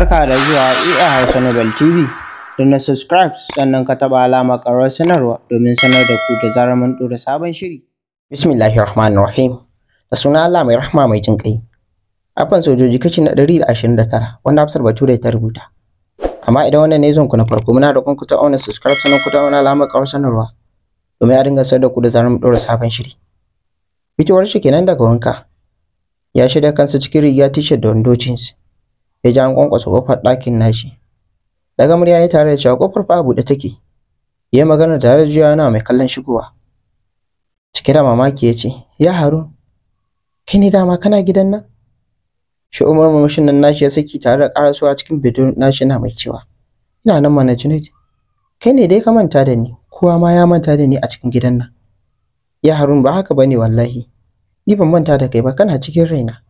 Barka da zuwa EA Hausa Nobel TV. Da na subscribe sannan ka taɓa alama karo sanarwa domin sanar da ku da zarar mun ɗora sabon shiri. rahim Da suna Allah mai rahma mai jin ƙai. Afan sojoji kashi na ɗari da ashirin da tara wanda Hafsat Bature ta rubuta. Amma idan wannan ne zan ku na farko muna roƙon ku ta auna subscribe sannan ku ta auna alamar karo sanarwa domin a dinga sanar da ku da zarar mun ɗora sabon shiri. Fitowar shi kenan daga wanka. Ya shirya kansa cikin riga t-shirt da wando jeans. ya ji an kwankwasa ƙofar ɗakin nashi daga murya ya tare da cewa kofar fa buɗe take ya magana tare da juya yana mai kallon shigowa cike da mamaki ya ce ya harun kai ne dama kana gidan nan shi umar murmushin nan nashi ya saki tare da karasuwa cikin bidon nashi na mai cewa ina nan mana junaid kai ne dai ka manta da ni kowa ma ya manta da ni a cikin gidan nan ya harun ba haka bane wallahi ni ban manta da kai ba kana cikin raina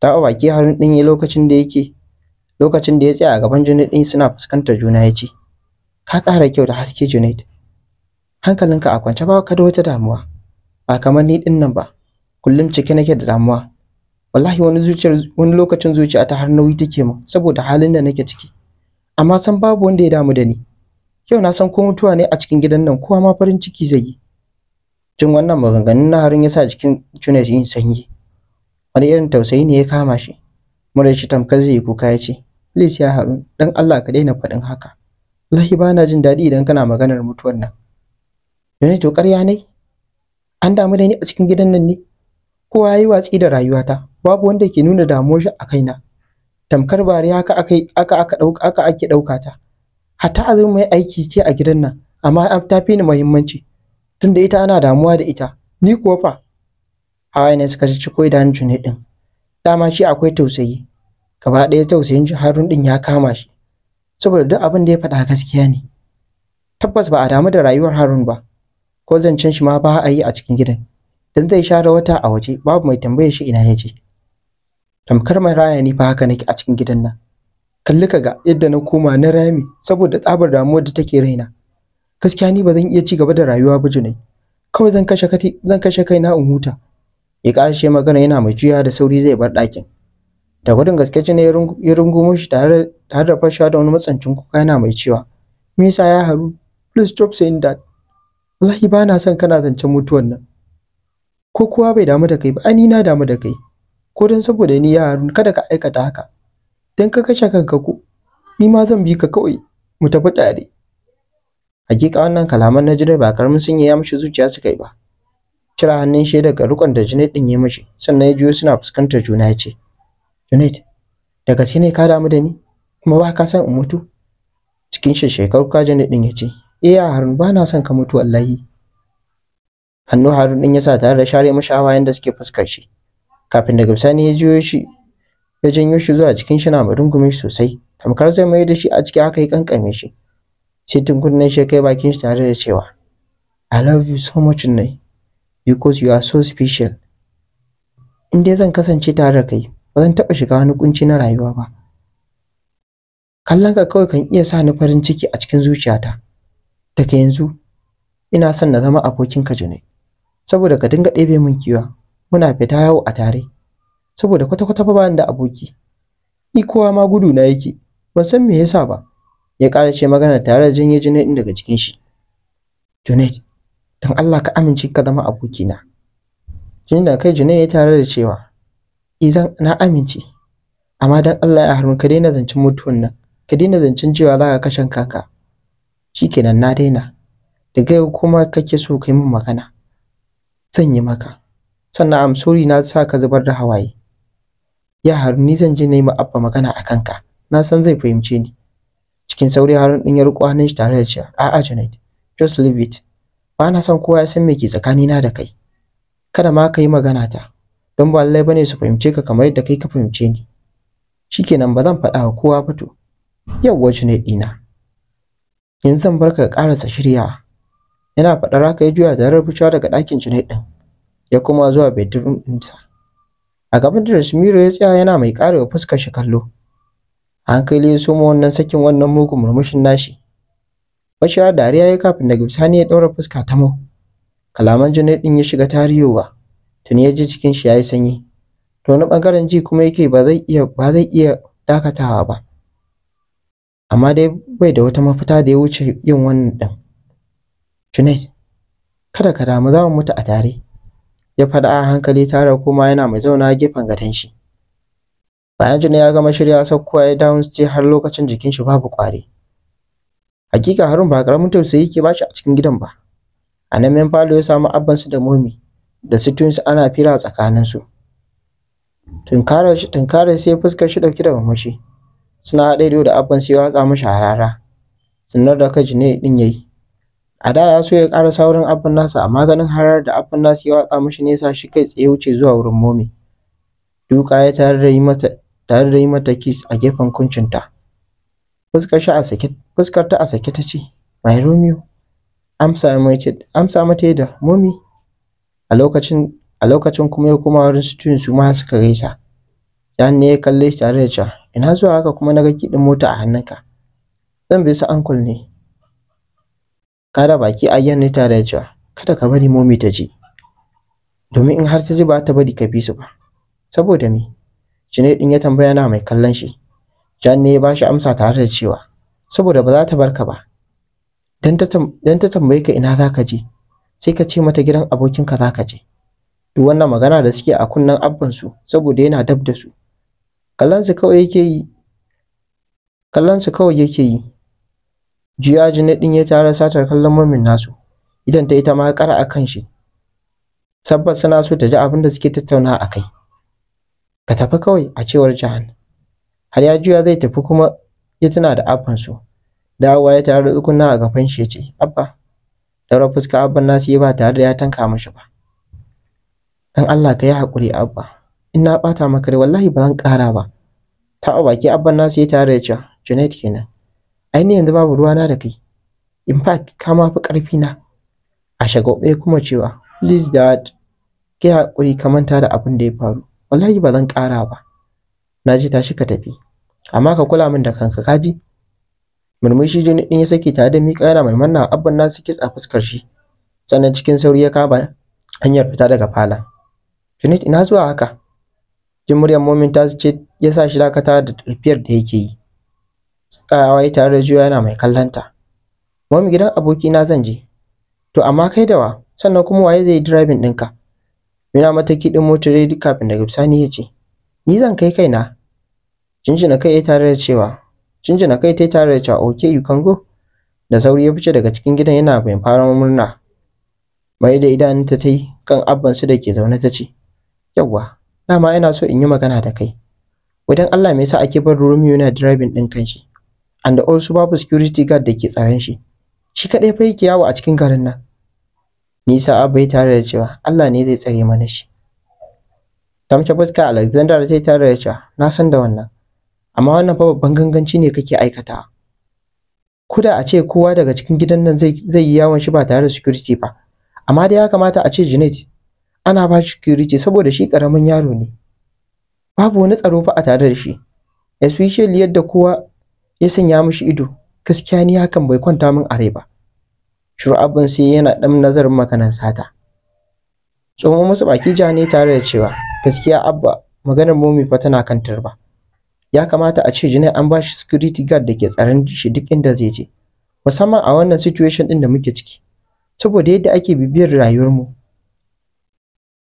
taɓa baki harin ɗin yi lokacin da yake lokacin da ya tsaya a gaban Junaid ɗin suna fuskantar juna ya ce ka ƙara kyau da haske Junaid hankalinka a kwance ba ka da wata damuwa ba kamar ni ɗin nan ba kullum cike nake da damuwa wallahi wani zuciyar wani lokacin zuciya ta har nauyi take mu saboda halin da nake ciki amma san babu wanda ya damu da ni Kyau na san ko mutuwa ne a cikin gidan nan kowa ma farin ciki zai yi jin wannan maganganun na harin ya sa jikin Junaid yin sanyi wani irin tausayi ne ya kama shi mura shi tamkar zai yi kuka ya ce please ya haɗu, dan Allah ka daina faɗin haka wallahi ba na jin daɗi idan kana maganar mutuwar nan yana to ƙarya ne an damu da ni a cikin gidan nan ne kowa yayi watsi da rayuwata babu wanda ke nuna damuwar shi a kaina tamkar bari haka aka aka dauka aka ake ɗauka ta hatta azumin mai aiki ce a gidan nan amma an tafi ni muhimmanci tunda ita ana damuwa da ita ni kuwa fa hawa ne suka ci koi da Junaid din dama shi akwai tausayi gaba ɗaya tausayin Harun din ya kama shi saboda duk abin da ya faɗa gaskiya ne tabbas ba a damu da rayuwar Harun ba ko zancen shi ma ba a yi a cikin gidan dan zai share wata a waje babu mai tambaye shi ina je tamkar mai raya ni fa haka nake a cikin gidan nan kalli ka ga yadda na koma na rami saboda tsabar damuwar da take raina gaskiya ni ba zan iya ci gaba da rayuwa ba junai. kawai zan kashe kai na kaina in huta ya ƙarashe magana yana mai juya da sauri zai bar ɗakin da gudun gaske ne ya rungumo shi tare da fashewa da wani matsancin kuka yana mai cewa misa ya haru please stop saying that wallahi ba na son kana zancen mutuwan nan ko kowa bai damu da kai ba ani na damu da kai ko don saboda ni ya haru kada ka aikata haka Don ka kashe kanka ko ni ma zan bi ka kawai mu tafi tare hakika wannan kalaman na jira ba karamin sun yi ya mishi zuciya suka yi ba cire hannun shi daga rikon da Junaid din ya mishi sannan ya juyo suna fuskantar juna ya ce Junaid da gaske ne ka damu da ni kuma ba ka san in mutu cikin shi shekaru ka Junaid din ya ce eh Harun ba na son ka mutu wallahi hannu Harun din ya sa tare da share mishi hawayen da suke fuskar shi kafin da bisani ya juyo shi ya janyo shi zuwa cikin shi na madungumin shi sosai tamkar sai mai da shi a ciki haka ya kankame shi sai tunkunnen shi kai bakin shi tare da cewa I love you so much Nai. because you are so special in dai zan kasance tare da kai ba zan taɓa shiga wani kunci na rayuwa ba kallon ka kawai kan iya sa ni farin ciki a cikin zuciyata daga yanzu ina son na zama abokinka junai saboda ka dinga ɗebe min kiwa muna fita yawo a tare saboda kwata-kwata ba da aboki ni kowa ma gudu na yake ban san me yasa ba ya ƙara ce magana tare da janye Junaid daga cikin shi Junaid don Allah ka amince ka zama abokina jinda kai jinai ya tare da cewa izan na amince amma don Allah ya harun ka daina zancen mutuwan nan ka daina zancen cewa za ka kashen kaka shikenan na daina daga yau kuma kake so kai min magana zan yi maka sannan amsori na sa ka zubar da hawaye ya harun ni zan je na yi abba magana a kanka na san zai fahimce ni cikin sauri harun din ya riko hannun shi tare da cewa a'a Junaid just leave it ba na son kowa ya san me ke tsakanina da kai kada ma ka yi magana ta don ba lallai bane su fahimce ka kamar yadda kai ka fahimce ni shikenan ba zan faɗa wa kowa ba to yawwa ne ɗina yanzu zan bar ka ƙarasa shiryawa yana faɗar haka ya juya da ficewa daga ɗakin Junaid ɗin ya kuma zuwa bedroom ɗinsa a gaban da Rashmiro ya tsaya yana mai ƙarewa fuskar shi kallo hankali ya soma wannan sakin wannan mugun murmushin nashi Bashira dariya ya kafin daga bisani ya ɗaura fuska ta mu. Kalaman Junaid ɗin ya shiga tariyowa. Tuni ya ji cikin shi ya yi sanyi. To na ɓangaren ji kuma yake ba zai iya ba zai iya dakatawa ba. Amma dai bai da wata mafita da ya wuce yin wannan ɗin. Junaid, kada ka damu za mu mutu a tare. Ya faɗa a hankali tara, kuma yana mai zauna gefen gadon shi. Bayan Junaid ya gama shirya saukowa ya sai har lokacin jikin shi babu ƙwari. Hakika Harun ba karamin tausayi ke bashi a cikin gidan ba. A men falo ya samu abbansu da momi da sitinsu ana fira tsakaninsu. Tunkara sai fuskar shi dauke da mamashi. Suna haɗe da abban sai ya watsa mashi harara. Sinar da kaji ne din yayi. A da ya so ya ƙara saurin abban nasa amma ganin harar da abban nasa ya watsa mashi nesa shi kai tsaye wuce zuwa wurin momi. Duka ya tare da yi mata tare da yi mata kiss a gefen kuncinta. fuskar a sake fuskar ta a sake ta ce my romeo amsa mace amsa mata da mummy a lokacin kuma ya kuma wurin su su ma suka gaisa Jan ne ya kalle shi tare da cewa ina zuwa haka kuma na ga kiɗin mota a hannunka zan bi su ankul ne kada baki ayyan ne tare da cewa kada ka bari momi ta ji domin in har ta ji ba ta bari ka bi su ba saboda me Junaid din ya tambaya na mai kallon shi Jan ne ya shi amsa tare da cewa saboda ba za ta barka ba dan ta tambaye ka ina za ka je sai ka ce mata gidan abokinka za ka je duk wannan magana da suke a kunnen abbansu saboda yana dab da su kallonsu kawai yake yi kallonsu kawai yake yi juya jinaɗin ya tara satar kallon mamin nasu idan ta ita ma kara a kan shi tabbas suna so ta ji abin da suke tattauna a kai ka tafi kawai a cewar jahan har ya juya zai tafi kuma ya tuna da abbansu dawowa ya tare da na a gaban shi ya ce abba daura fuska abban nasu ba tare da ya tanka mashi ba dan Allah ka yi hakuri abba in na bata maka rai wallahi ba zan ƙara ba ta baki abban nasu ya tare da cewa Junaid kenan ainihin yanzu babu ruwa na da kai in fact ka ma fi ƙarfi na a shagwabe kuma cewa please dad ki haƙuri ka manta da abin da ya faru wallahi ba zan ƙara ba na ji tashi ka tafi amma ka kula min da kanka kaji murmushi jini din ya saki tare da miƙa yana mai manna abban nasu kitsa a fuskar shi sannan cikin sauri ya kaba hanyar fita daga fala Junit ina zuwa haka jin muryar momin ta ce ya sa shi dakata da tafiyar da yake yi tsayawa ya tare da juya yana mai kallanta Mumin gidan abokina zan je to amma kai da wa sannan kuma waye zai yi driving ɗinka yana mataki ɗin motar kafin daga bisani ya ce ni zan kai kaina Jinjina kai ya tare da cewa, jinjina kai ta tare da cewa, "Okay, you can go." Da sauri ya fice daga cikin gidan yana bayan fara murna. Mai da idanunta ta yi kan abbansu da ke zaune ta ce, "Yawwa, dama ina so in yi magana da kai." Wadan Allah me yasa ake bar Romeo na driving ɗin kanshi? And also babu security guard da ke tsaron shi. Shi kadai fa yake yawo a cikin garin nan. Nisa Abba ya tare da cewa Allah ne zai tsare mana shi. Tamke fuska Alexander ta tare da cewa na san da wannan. amma wannan fa babban ganganci ne kake aikata kuda a ce kowa daga cikin gidan nan zai yi yawon shi ba tare da security ba amma dai ya kamata a ce Junaid ana ba shi security saboda shi karamin yaro ne babu wani tsaro fa a tare da shi especially yadda kowa ya sanya mishi ido gaskiya ni hakan bai kwanta min a rai ba shur'abun sai yana dan nazarin makaranta ta tsoho musu baki ja ne tare da cewa gaskiya abba maganar momi fa tana kantar ba. ya kamata a ce Junaid an ba shi security guard da ke tsaron shi duk inda zai je musamman a wannan situation din da muke ciki saboda yadda ake bibiyar rayuwar mu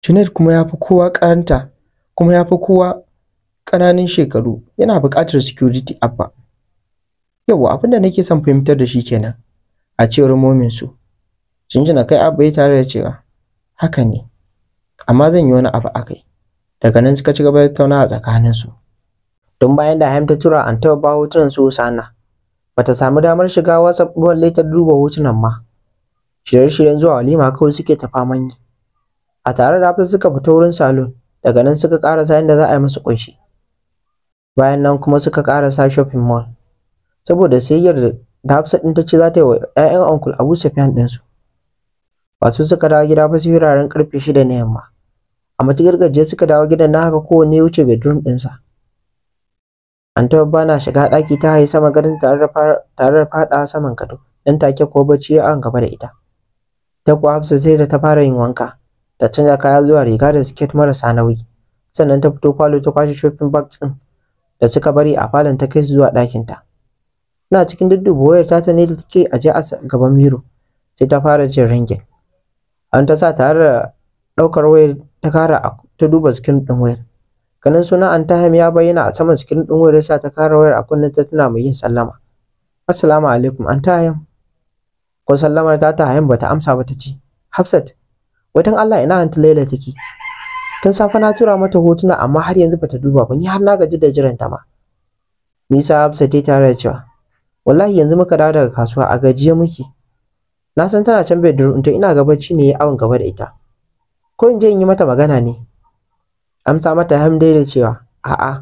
Junaid kuma ya fi kowa karanta kuma ya kowa ƙananan shekaru yana buƙatar security abba yawa abin da nake son fahimtar da shi kenan a cewar momin su jinjina kai abba ya tare da cewa haka ne amma zan yi wani abu akai daga nan suka ci gaba da a tsakaninsu Don bayan da Haim ta tura an taɓa ba hotunan su Husana. Bata samu damar shiga WhatsApp balle ta duba hotunan ma. Shirye-shiryen zuwa walima kawai suke ta faman yi. A tare da Hafsa suka fita wurin salon daga nan suka ƙarasa inda za a yi musu ƙunshi. Bayan nan kuma suka sa shopping mall. Saboda sayayyar da Hafsa ɗin ta ce za ta yi wa 'ya'yan Uncle Abu Sufyan ɗinsu. Wasu suka dawo gida fa su wuraren ƙarfe shida na yamma. A matuƙar gajiya suka dawo gidan na haka kowanne ya wuce bedroom ɗinsa. Antuwar ba na shiga ɗaki ta haye sama garin tare da faɗawa saman gado, ɗan take ko bacci ya gaba da ita. Ta kuwa Hafsa sai da ta fara yin wanka, ta canza kaya zuwa riga da siket marasa nauyi. Sannan ta fito falo ta kwashe shopping bag ɗin da suka bari a falon ta kai su zuwa ta Na cikin dudduba wayar ta ta ne da take aje a gaban miro, sai ta fara jin ringin. An ta sa tare da ɗaukar wayar ta kara ta duba sikirin ɗin wayar. ganin sunan antahim ya bayyana a saman sikirin ɗin wayar sa ta kara wayar a kunnen ta tana mai yin sallama assalamu alaikum antahim ko sallamar ta ta hayan bata amsa ba ta ce hafsat watan allah ina hanta laila take tun safe na tura mata hotuna amma har yanzu bata duba ba ni har na gaji da jiran ta ma nisa hafsat ta tare da cewa wallahi yanzu muka dawo daga kasuwa a gajiye muke na san tana can bedroom ta ina ga bacci ne awon gaba da ita ko in je in yi mata magana ne amsa mata hamdai da cewa a'a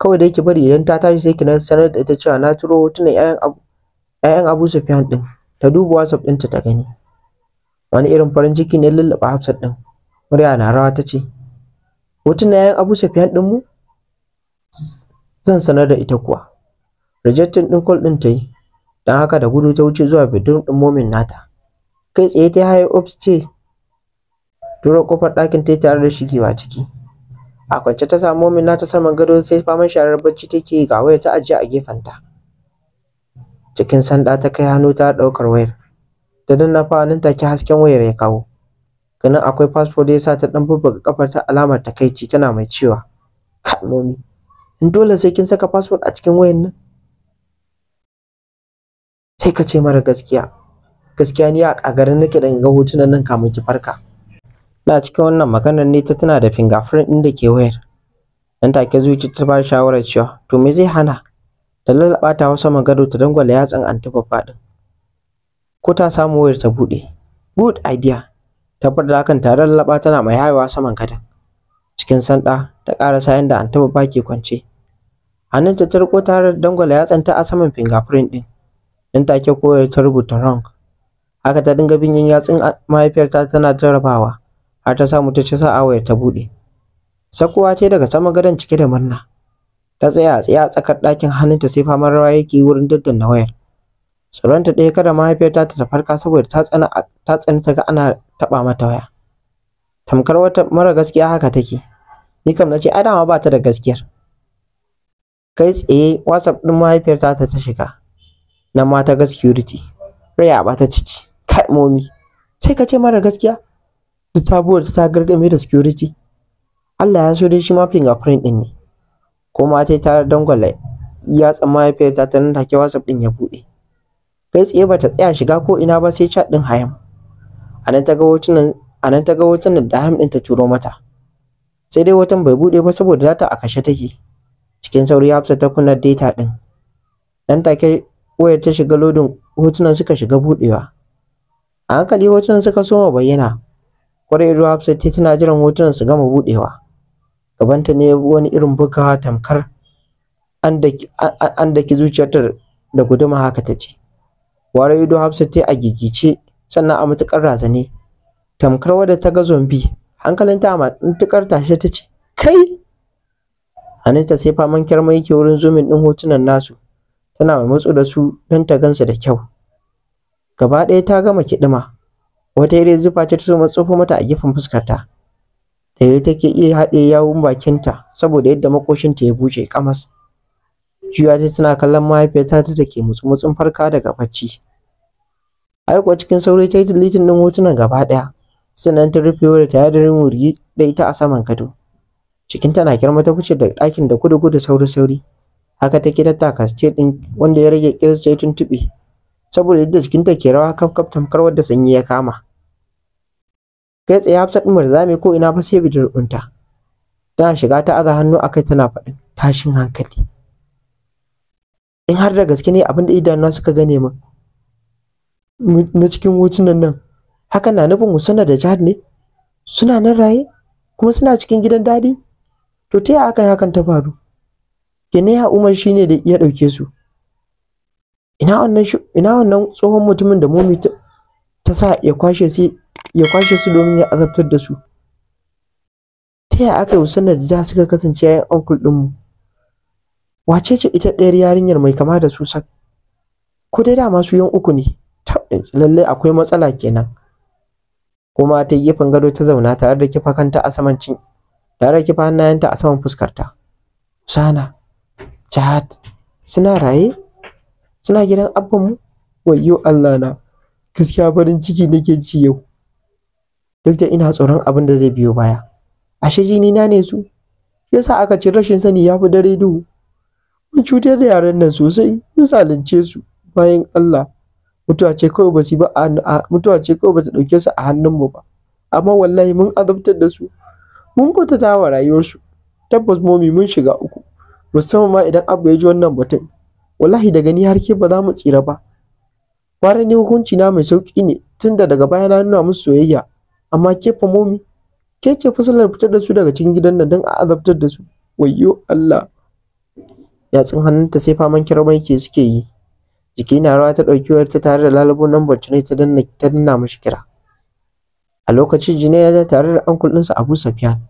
kawai dai ki bari idan ta tashi sai ki sanar da ita cewa na turo tuna 'ya'yan abu ƴaƴan Abu din ta duba WhatsApp ɗinta ta gani wani irin farin ciki ne lullaba Hafsat din murya na rawa ta ce hotunan 'ya'yan Abu Sufyan din mu zan sanar da ita kuwa rejecting din call din ta yi don haka da gudu ta wuce zuwa bedroom din momin nata kai tsaye ta haye ops ce turo kofar ɗakin ta tare da shigewa ciki a kwance ta samu min ta saman gado sai faman sharar bacci take ga wayar ta ajiye a gefenta cikin sanda ta kai hannu ta ɗaukar wayar da dan fa nan take hasken wayar ya kawo ganin akwai fasfo da yasa ta dan bubbuga kafar ta alamar takaici tana mai cewa kalmomi in dole sai kin saka fasfo a cikin wayar nan sai ka ce mara gaskiya gaskiya ni a garin nake da in ga hotunan nan kamun ki farka Ina cikin wannan maganar ne ta tana da fingerprint ɗin da ke wayar. Nan take zuci ta ba shawarar cewa to me zai hana Da lallaɓa ta hau saman gado ta dangwala yatsan antifafa faɗin. Ko ta samu wayar ta buɗe. Good idea. Ta da hakan tare lallaɓa tana mai hayewa saman gadon. Cikin sanda ta ƙarasa yadda ba ke kwance. Hannunta ta riko tare da dangwala ta a saman fingerprint ɗin. Nan take koyar ta rubuta wrong. Haka ta dinga bin yatsun mahaifiyarta tana jarrabawa. har ta samu ta ci sa'a wayar ta buɗe. Sakowa ce daga sama gadon cike da murna. Ta tsaya a tsaya a tsakar ɗakin hannunta sai faman rawa yake wurin daddanna wayar. Tsoronta ɗaya kada mahaifiyarta ta tafarka, saboda ta tsana ta tsani ta ga ana taɓa mata waya. Tamkar wata mara gaskiya haka take. Ni kam nace ai dama ba ta da gaskiyar. Kai tsaye WhatsApp ɗin mahaifiyarta ta ta shiga. Nan ma ta ga security. Raya ba ta ciki. Kai momi. Sai ka ce mara gaskiya. duk sabuwar ta gargame da security Allah ya so dai shi ma fingerprint din ne ma ta tare dangwala ya tsama ya ta nan take WhatsApp din ya bude kai tsaye bata tsaya shiga ko ina ba sai chat din Hayam anan ta ga hotunan anan ta ga hotunan da ham din ta turo mata sai dai watan bai bude ba saboda data a kashe take cikin sauri ya Hafsa ta kunna data din dan take wayar ta shiga lodin hotunan suka shiga budewa a hankali hotunan suka soma bayyana Ƙwarewar Hafsat ta tana jiran hotunan su gama budewa. Gabanta ne wani irin bugawa tamkar an da ki zuciyarta da guduma haka ta ce. Ware ido hafsa ta a gigice sannan a matuƙar razane. Tamkar wadda ta ga zombi hankalinta a matuƙar tashe ta ce kai Anita sai faman kyarma yake wurin zumin ɗin hotunan nasu tana mai matsu da su don ta gansu da kyau. Gaba ɗaya ta gama kiɗima wata irin zufa ce ta tso matsofo mata a gefen fuskarta da ya take iya haɗe yawun bakinta saboda yadda makoshinta ya buce kamas juya ta tana kallon mahaifiyarta ta ke mutsumutsun farka daga bacci aiko cikin sauri ta yi dilitin ɗin hotunan gaba ɗaya sannan ta rufe da ta da wuri da ita a saman kado cikin tana girma ta fice da dakin da gudu gudu sauri sauri haka take tattaka state ɗin wanda ya rage kiris sai tuntuɓe saboda yadda ta ke rawa kaf kaf tamkar wadda sanyi ya kama kai tsaye hafsat umar zame ko ina fa sai bidir unta tana shiga ta aza hannu akai tana faɗin tashin hankali in har da gaske ne abin da idanuna suka gane min na cikin hotunan nan hakan na nufin musanna da jihar ne suna nan raye kuma suna cikin gidan dadi to ta yaya hakan hakan ta faru kenan ya umar shine da ya ɗauke su ina wannan ina wannan tsohon mutumin da momi ta sa ya kwashe su ya kwashe su domin ya azabtar da su ta yaya aka yi Usanna da suka kasance yayin uncle mu wace ce ita ɗayar yarinyar mai kama da su sak ko dai dama su yan uku ne lallai akwai matsala kenan kuma ta yi gefen gado ta zauna tare da kifa kanta a saman cin tare da kifa hannayenta a saman fuskarta sana chat suna raye suna gidan abban abbanmu wayyo Allah na gaskiya farin ciki nake ci yau duk da ina tsoron abin da zai biyo baya ashe jini na ne su yasa aka ci rashin sani ya fi dare duhu mun cutar da yaran nan sosai mun zalunce su bayan Allah mutuwa ce kawai ba su ba mutuwa ce kawai ba su dauke su a hannunmu ba amma wallahi mun azabtar da su mun kwatata wa rayuwarsu tabbas momi mun shiga uku musamman ma idan abu ya ji wannan batun wallahi daga ni har ke ba za mu tsira ba fara ne hukunci na mai sauki ne tunda daga baya na nuna musu soyayya amma ke fa momi ke ce fasalar fitar da su daga cikin gidan nan don a azabtar da su wayyo Allah Ya tsin hannunta sai faman kirmai yake suke yi jiki na rawa ta ɗauki wayar ta tare da lalabo nambar ne ta danna ta danna mishi kira a lokacin jine ya tare da ankul ɗinsa Abu Safyan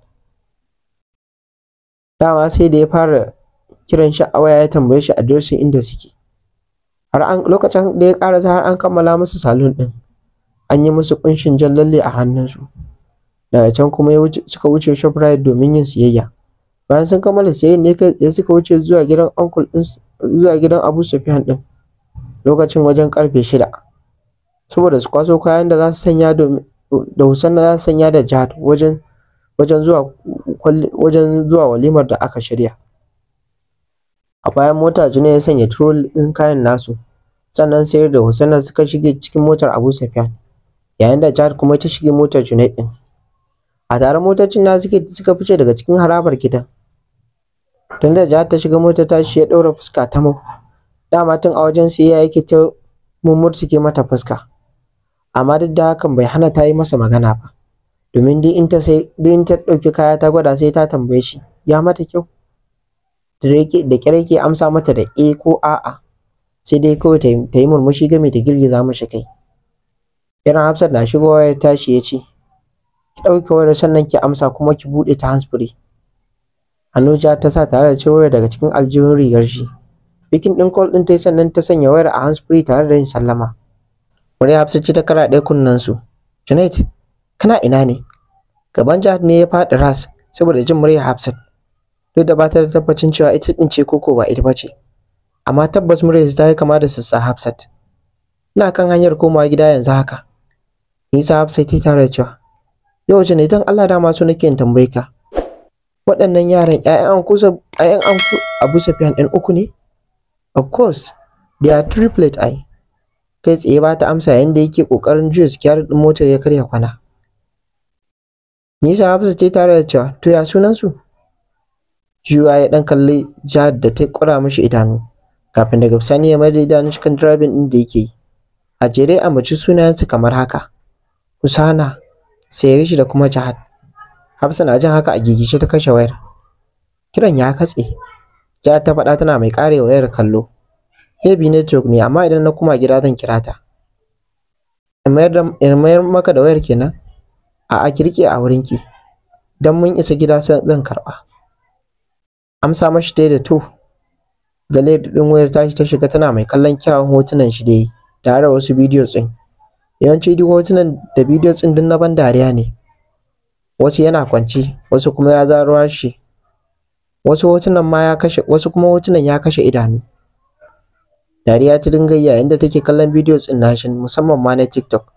dama sai da ya fara kiran shi a waya ya tambaye shi adireshin inda suke har an lokacin da ya karasa har an kammala musu salon din an yi musu kunshin jan lalle a hannunsu daga can kuma suka wuce shoprite domin yin siyayya bayan sun kammala siyayya ne ya suka wuce zuwa gidan uncle din zuwa gidan abu sufyan din lokacin wajen karfe shida saboda su kwaso kayan da za su sanya da husan za su sanya da jihad wajen wajen zuwa wajen zuwa walimar da aka shirya A bayan mota Juna ya sanya turo ɗin kayan nasu, sannan sayar da Hussaina suka shige cikin motar Abu safiya yayin da Jihar kuma ta shige motar Junaid ɗin. A tare motocin na suke suka fice daga cikin harabar gidan. Tun da Jihar ta shiga motar shi ya ɗaura fuska ta mau. Dama tun a wajen ya yake ta mummurtuke mata fuska. Amma duk da hakan bai hana ta yi masa magana ba. Domin duk in ta ɗauki kaya ta gwada sai ta tambaye shi, ya mata kyau? da kyar yake amsa mata da e ko a'a sai dai kawai ta yi murmushi game da girgiza mashi kai yaran hafsat na shigo ya tashi ya ce ki ɗauke wayar sannan ki amsa kuma ki buɗe ta handsfree Anuja ta sa tare da ciro daga cikin aljihun rigar shi bikin ɗin kol ɗin ta yi sannan ta sanya wayar a handsfree tare da yin sallama wani hafsat ce ta kara ɗaya kunnen su junaid kana ina ne gaban jihar ne ya faɗi ras saboda jin murya hafsat duk da ba ta da tabbacin cewa ita ɗin ce koko ba ita ba ce amma tabbas muryarsa ta yi kama da sassa hafsat ina kan hanyar komawa gida yanzu haka nisa hafsat ta tare da cewa yau ne don allah dama su nake in tambaye ka waɗannan yaran ƴaƴan anku ƴaƴan ku abu Sufyan ɗin uku ne of course they are triplet ai kai tsaye ba ta amsa yadda yake ƙoƙarin juya sikiyar din motar ya karya kwana nisa hafsat ta tare cewa to ya sunan su juwa ya dan kalli jihar da ta kura mishi idanu, kafin daga bisani ya mayar da shi kan drabin din da yake yi. A jere a mace sunayensa kamar haka, Usana, Sirish da kuma Jihad. Hafsa na jin haka a gigice ta kashe wayar. Kiran ya katse. Ja ta faɗa tana mai kare wayar kallo. Baby network ne amma idan na kuma gida zan kira ta. In mayar maka da wayar kenan? A'a ki riƙe a wurinki. Don mun isa gida zan karɓa. amsa mashi ta da to gallery ɗin wayar tashi ta shiga tana mai kallon kyawun hotunan shi da yi tare da wasu videos tsin. yawanci duk hotunan da videos tsin duk na ban dariya ne wasu yana kwance wasu kuma ya zaro shi wasu hotunan ma ya kashe wasu kuma hotunan ya kashe idanu dariya ta dinga yayin da take kallon videos ɗin nashi musamman ma na TikTok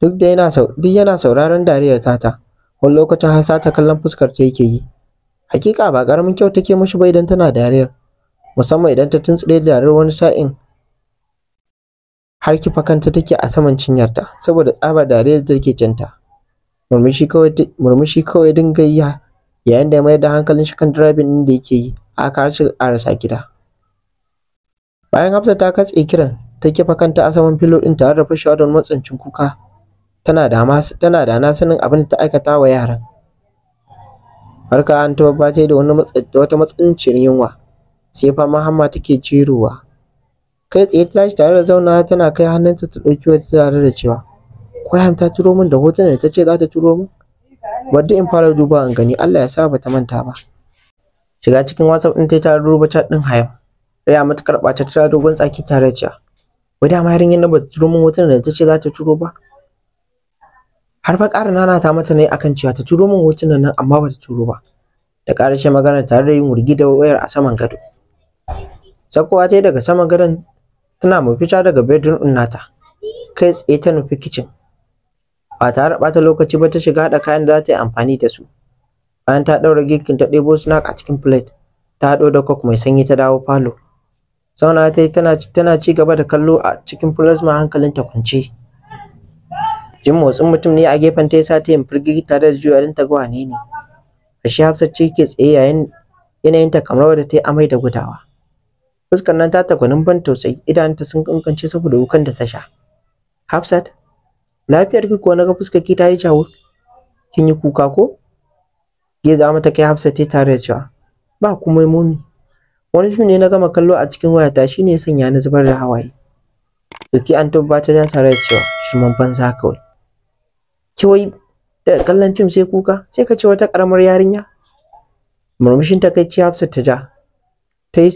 duk da yana duk yana sauraron dariyar tata wani lokacin har sata kallon fuskar ta yake yi hakika ba karamin kyau take mishi ba idan tana dariyar musamman idan ta tuntsire dariyar wani sa'in har kifa kanta take a saman cinyarta saboda tsabar dariyar da take cinta murmushi kawai murmushi kawai dinga yi yayin da ya mayar da hankalin shi kan drabin din da yake yi aka har a rasa gida bayan hafsa ta katse kiran ta kifa kanta a saman filo din tare da fashewa don matsancin kuka tana da tana da na sanin abin da ta aikata wa yaran Barka an tabbatar babba ta da wata matsinciyar yunwa sai fama hamma take jerowa. Kai tsaye ta tashi tare da zauna tana kai hannunta ta ɗauki wata tare da cewa Kwayam ta turo min da hotunan da ta ce za ta turo min. Wadda in fara duba in gani Allah ya sa bata manta ba. Shiga cikin WhatsApp ɗin ta ta rubuta chat din Hayam. Raya mata karɓa ta ta dogon tsaki tare da cewa. wadda dama yarinyar na bata turo min hotunan da ta ce za ta turo ba. har fa ƙara ta mata ne akan cewa ta turo min hotunan nan amma ba ta turo ba da ƙarashe magana tare da yin wurgi da wayar a saman gado sakowa ta daga saman gadon tana mai fita daga bedroom ɗin nata kai tsaye ta nufi kicin ba tare ta lokaci ba ta shiga da kayan da za ta yi amfani da su bayan ta ɗaura girkin ta ɗebo snack a cikin plate ta haɗo da kok mai sanyi ta dawo falo Sauna ta yi tana ci gaba da kallo a cikin plasma ta kwance Jin motsin mutum ne a gefen ta yasa ta yin firgigi tare da juya don ta ga wane ne. shi Hafsat ce ke tsaye yayin ta kamar wadda ta yi amai da gudawa. Fuskar nan ta gwanin ban tausayi idan ta sun kankance saboda wukan da ta sha. Hafsat, lafiyar ki ko na ga fuskar ki ta yi jawo? Kin yi kuka ko? Geza mata kai Hafsat ta tare da cewa ba kuma muni. Wani shi ne na gama kallo a cikin waya ta shine sanya na zubar da hawaye. Doki an tabbata ta tare da cewa shirman banza kawai. ki wai da kallon fim sai kuka sai ka ce wata karamar yarinya murmushin ta takaici Hafsat ta ja ta yi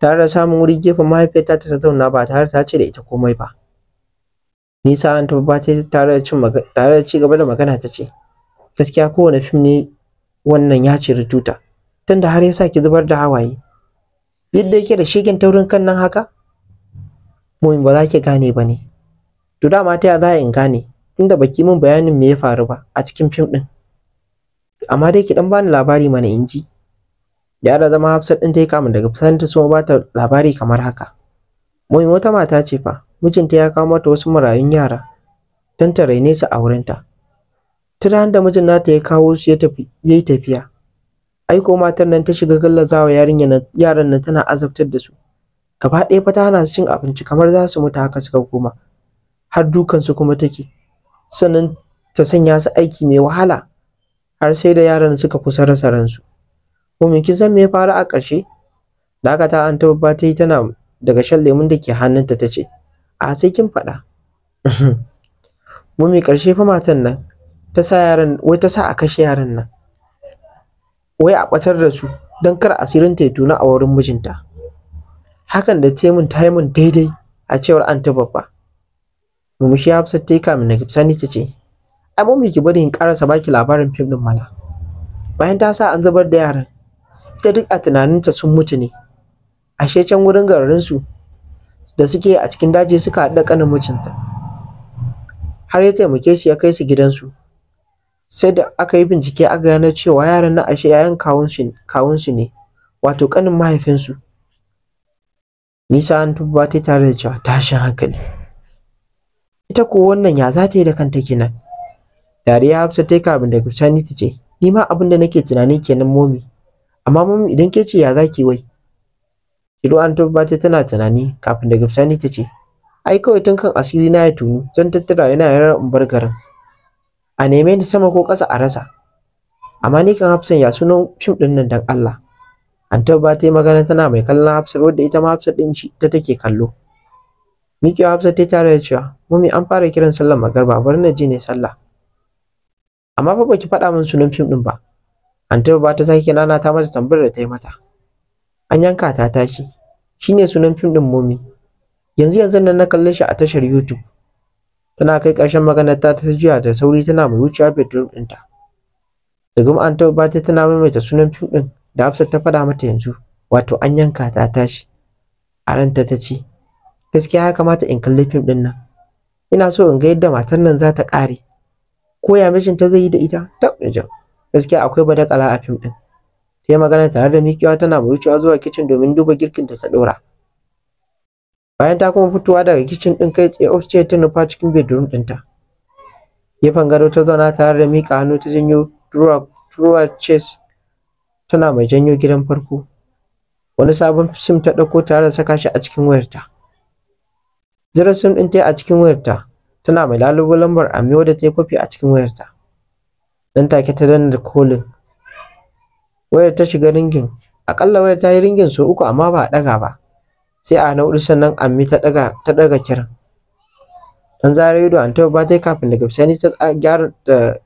tare da samun wuri gefen mahaifiyarta ta zauna ba tare ta ce da ita komai ba nisa an ba ta tare da tare da ci gaba da magana ta ce gaskiya kowane fim ne wannan ya ci rututa tunda har ya sa ki zubar da hawaye yadda yake da shegen taurin kan nan haka mumin ba za ki gane ba ne to dama ta ya za in gane tunda baki min bayanin me ya faru ba a cikin fim ɗin amma dai ki dan bani labari mana inji. ji yara zama hafsat ɗin ta yi kamun daga fitan ta so ba ta labari kamar haka yi wata mata ce fa mijinta ya kawo mata wasu marayun yara dan ta raine su a wurinta tun da mijin nata ya kawo su ya yi tafiya Ai ko matar nan ta shiga gallazawa yarinyar yaran nan tana azabtar da su gaba ɗaya fa ta hana su cin abinci kamar za su mutu haka suka koma har dukansu kuma take sannan ta sanya su aiki mai wahala har sai da yaran suka kusa rasa ransu kuma kin san me ya faru a ƙarshe da ta an tabba ta yi tana daga shan lemun da ke hannunta ta ce a sai kin faɗa mummy ƙarshe fa matan nan ta sa yaran wai ta sa a kashe yaran nan wai a ɓatar da su don kar asirin ta ya tuna a wurin mijinta hakan da ta ta yi mun daidai a cewar an ta Murmushi Hafsat ta yi kamin na sani ta ce, Ai mummy ki bari in karasa baki labarin fim ɗin mana. Bayan ta sa an zubar da yaran, ita duk a tunaninta sun mutu ne. Ashe can wurin garinsu da suke a cikin daji suka haɗa ƙanin mijinta. Har ya taimake su ya kai su gidansu. Sai da aka yi bincike aka gano cewa yaran na ashe 'ya'yan kawunsu ne, wato ƙanin mahaifinsu. Nisa an tubba ta tare da cewa tashin hankali. ita ko wannan ya za ta yi da kanta kenan dariya hafsa ta yi kafin da bisani ta ce ni ma abin da nake tunani kenan momi amma momi idan ke ce ya za ki wai shiru an tabbata tana tunani kafin da bisani ta ce ai kawai tun kan asiri na ya tunu zan tattara yana yarar in bar garin a neme ni sama ko ƙasa a rasa amma ni kan hafsan ya sunan fim ɗin nan dan Allah an tabbata magana tana mai kallon hafsar wadda ita ma hafsar ɗin ta take kallo miƙewa hafsat ta tare da cewa mummy an fara kiran sallar magarba bari na je ne sallah amma fa baki faɗa min sunan fim ɗin ba anti ba ta sake nana ta mata tambayar da ta yi mata an yanka ta tashi shine sunan fim ɗin mummy yanzu yanzu nan na kalle shi a tashar youtube tana kai ƙarshen maganar ta ta jiya da sauri tana mai wucewa bedroom ɗinta da gum an ba ta tana maimaita sunan fim ɗin da hafsat ta faɗa mata yanzu wato an yanka ta tashi a ta ce gaskiya ya kamata in kalli fim ɗin nan ina so in ga yadda matar nan za ta ƙare ko ya mishin ta zai yi da ita ta ɓaje. gaskiya akwai badakala a fim din. ta magana tare da mikiwa tana wucewa zuwa kicin domin duba girkin da ta ɗora bayan ta kuma fitowa daga kicin din kai tsaye ofishe ta nufa cikin bedroom ɗinta gefen gado ta zauna tare da miƙa hannu ta janyo drawer chest tana mai janyo gidan farko wani sabon sim ta ɗauko tare da saka shi a cikin wayarta Zira sim din ta a cikin wayarta, tana mai lalubo lambar Amiyo da ta yi kwafi a cikin wayarta. Nan take ta danna kolin. Wayar ta shiga ringin, aƙalla wayar ta yi ringin sau uku amma ba a ɗaga ba. Sai a na sannan Ammi ta ɗaga ta ɗaga kiran. Dan zara ido an ba ta yi kafin daga bisani ta gyara da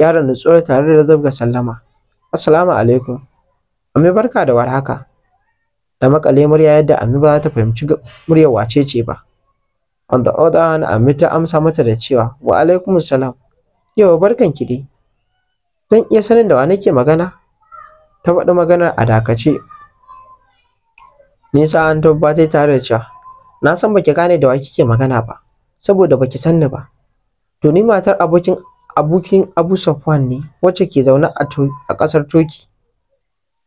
gyara nutsuwar tare da zabga sallama. Assalamu alaikum. Ammi barka da warhaka. Da makale murya yadda Ammi ba za ta fahimci muryar wace ce ba. On the other hand, Ami ta amsa mata da cewa, Wa alaikum salam, yawa barkan ki dai. Zan iya sanin da wa nake magana? Ta faɗi maganar a dakace. Nisa an tabbatar tare da cewa, Na san baki gane da wa kike magana ba, saboda baki san ni ba. To ni matar abokin abokin Abu Safwan ne wacce ke zaune a ƙasar Turki.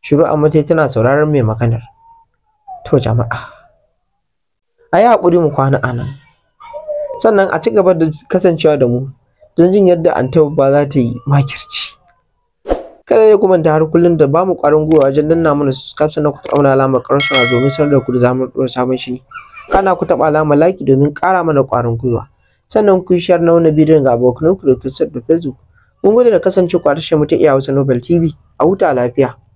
Shiru a mata tana sauraron mai maganar. To jama'a, a hakuri mu kwana anan. sannan a ci gaba da kasancewa da mu don jin yadda ba za ta yi makirci kada ya kumanta har kullum da ba mu ƙwarin gwiwa wajen danna mana subscribe na ku auna alamar ƙarfafa domin sanar da ku da zamu ɗora sabon shiri kana ku taɓa alamar laki domin ƙara mana ƙwarin gwiwa sannan ku yi shar na wani bidiyon ga ku da fesbuk. da facebook mun gode da kasance ku a tashar mu ta iya hausa nobel tv a huta lafiya